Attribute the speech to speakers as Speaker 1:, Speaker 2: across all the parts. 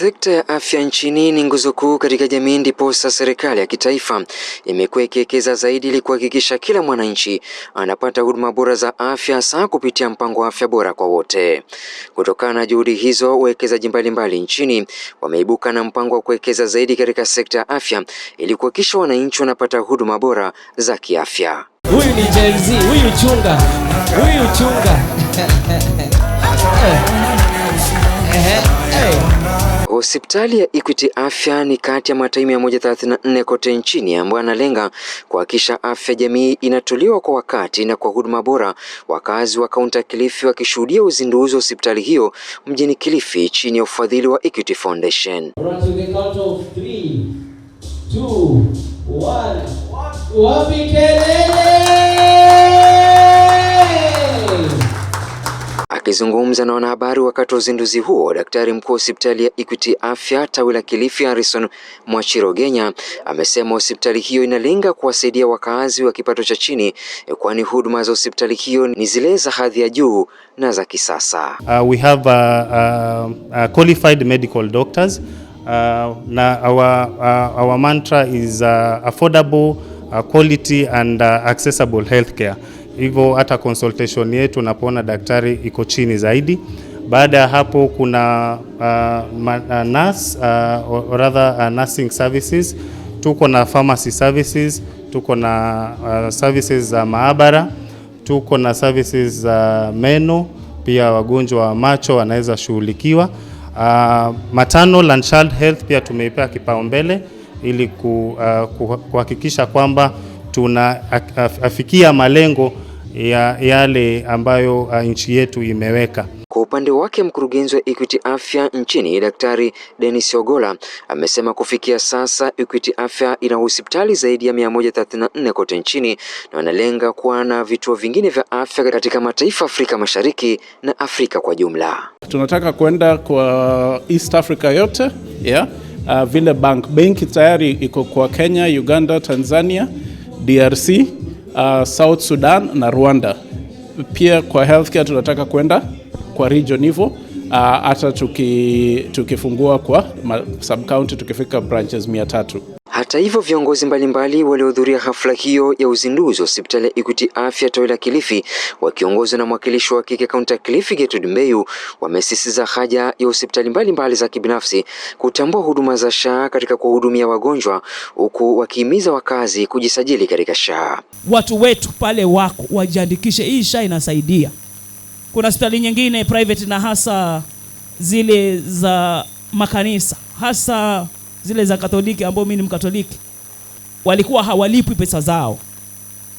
Speaker 1: Sekta ya afya nchini ni nguzo kuu katika jamii, ndiposa serikali ya kitaifa imekuwa ikiwekeza zaidi ili kuhakikisha kila mwananchi anapata huduma bora za afya, hasa kupitia mpango wa afya bora kwa wote. Kutokana na juhudi hizo, wawekezaji mbalimbali nchini wameibuka na mpango wa kuwekeza zaidi katika sekta ya afya ili kuhakikisha wananchi wanapata huduma bora za kiafya.
Speaker 2: Huyu ni Gen Z, huyu chunga, huyu chunga.
Speaker 1: Eh, eh, eh, Hospitali ya Equity Afya ni kati ya matawi 34 kote nchini ambayo analenga kuhakikisha afya jamii inatolewa kwa wakati na kwa huduma bora. Wakazi wa kaunti ya Kilifi wakishuhudia uzinduzi wa hospitali hiyo mjini Kilifi chini ya ufadhili wa Equity Foundation.
Speaker 3: Three, two, one. One.
Speaker 1: Akizungumza na wanahabari wakati wa uzinduzi huo, daktari mkuu wa hospitali ya Equity Afya tawi la Kilifi Harrison Mwachirogenya amesema hospitali hiyo inalenga kuwasaidia wakaazi wa kipato cha chini, kwani huduma za hospitali hiyo ni zile za hadhi ya juu na za kisasa.
Speaker 4: Uh, we have a, a, a qualified medical doctors uh, na our, uh, our mantra is uh, affordable uh, quality and uh, accessible healthcare hivyo hata consultation yetu unapoona daktari iko chini zaidi. Baada ya hapo kuna uh, ma, uh, nurse, uh, or rather, uh, nursing services, tuko na pharmacy services, tuko na uh, services za uh, maabara, tuko na services za uh, meno pia wagonjwa wa macho wanaweza shughulikiwa. Uh, maternal and child health pia tumeipea kipaumbele ili uh, kuhakikisha uh, kwamba tunafikia afikia malengo ya yale ambayo uh, nchi yetu imeweka.
Speaker 1: Kwa upande wake mkurugenzi wa Equity Afya nchini Daktari Dennis Ogola amesema kufikia sasa Equity Afya ina hospitali zaidi ya 134 kote nchini na wanalenga kuwa na vituo vingine vya afya katika mataifa Afrika Mashariki na Afrika kwa jumla.
Speaker 4: Tunataka kwenda kwa East Africa yote, yeah. Uh, vile bank benki tayari iko kwa Kenya, Uganda, Tanzania, DRC uh, South Sudan na Rwanda. Pia kwa healthcare tunataka kwenda kwa region hivyo uh, hata uh, tukifungua tuki kwa sub county tukifika branches mia tatu.
Speaker 1: Hata hivyo, viongozi mbalimbali waliohudhuria hafla hiyo ya uzinduzi wa hospitali ya Equity Afya Tawala Kilifi wakiongozwa na mwakilishi wa kike kaunti Kilifi Gertrude Mbeyu wamesisitiza haja ya hospitali mbalimbali za kibinafsi kutambua huduma za SHA katika kuwahudumia wagonjwa, huku wakihimiza wakazi kujisajili katika SHA.
Speaker 5: Watu wetu pale wako wajiandikishe, hii SHA inasaidia. Kuna hospitali nyingine private na hasa zile za makanisa hasa zile za Katoliki, ambao mimi ni Mkatoliki, walikuwa hawalipwi pesa zao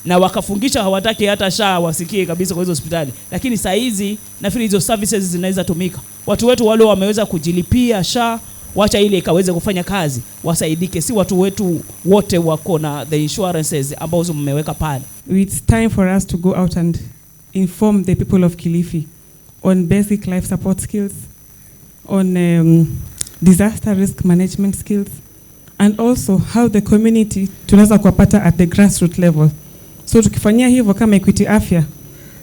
Speaker 5: na wakafungisha, hawataki hata sha wasikie kabisa kwa hizo hospitali. Lakini saa hizi nafikiri hizo services zinaweza tumika, watu wetu wale wameweza kujilipia sha wacha ile ikaweze kufanya kazi, wasaidike. Si watu wetu wote wako na the insurances ambazo mmeweka pale.
Speaker 6: It's time for us to go out and inform the people of Kilifi on basic life support skills on um, disaster risk management skills and also how the community tunaweza kuwapata at the grassroots level. So tukifanyia hivyo kama Equity Afya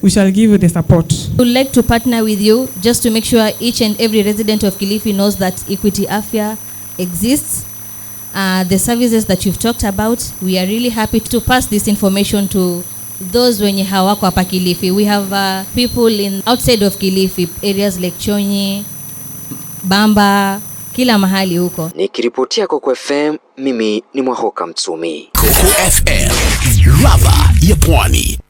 Speaker 6: we shall give you the support. We
Speaker 7: would like to partner with you just to make sure each and every resident of Kilifi knows that Equity Afya exists. Uh, the services that you've talked about, we are really happy to pass this information to those wenye hawako hapa Kilifi. We have uh, people in outside of Kilifi areas like Chonyi, Bamba, kila mahali huko.
Speaker 1: Nikiripotia Coco FM, mimi ni Mwahoka Mtumi. Coco FM, ladha ya Pwani.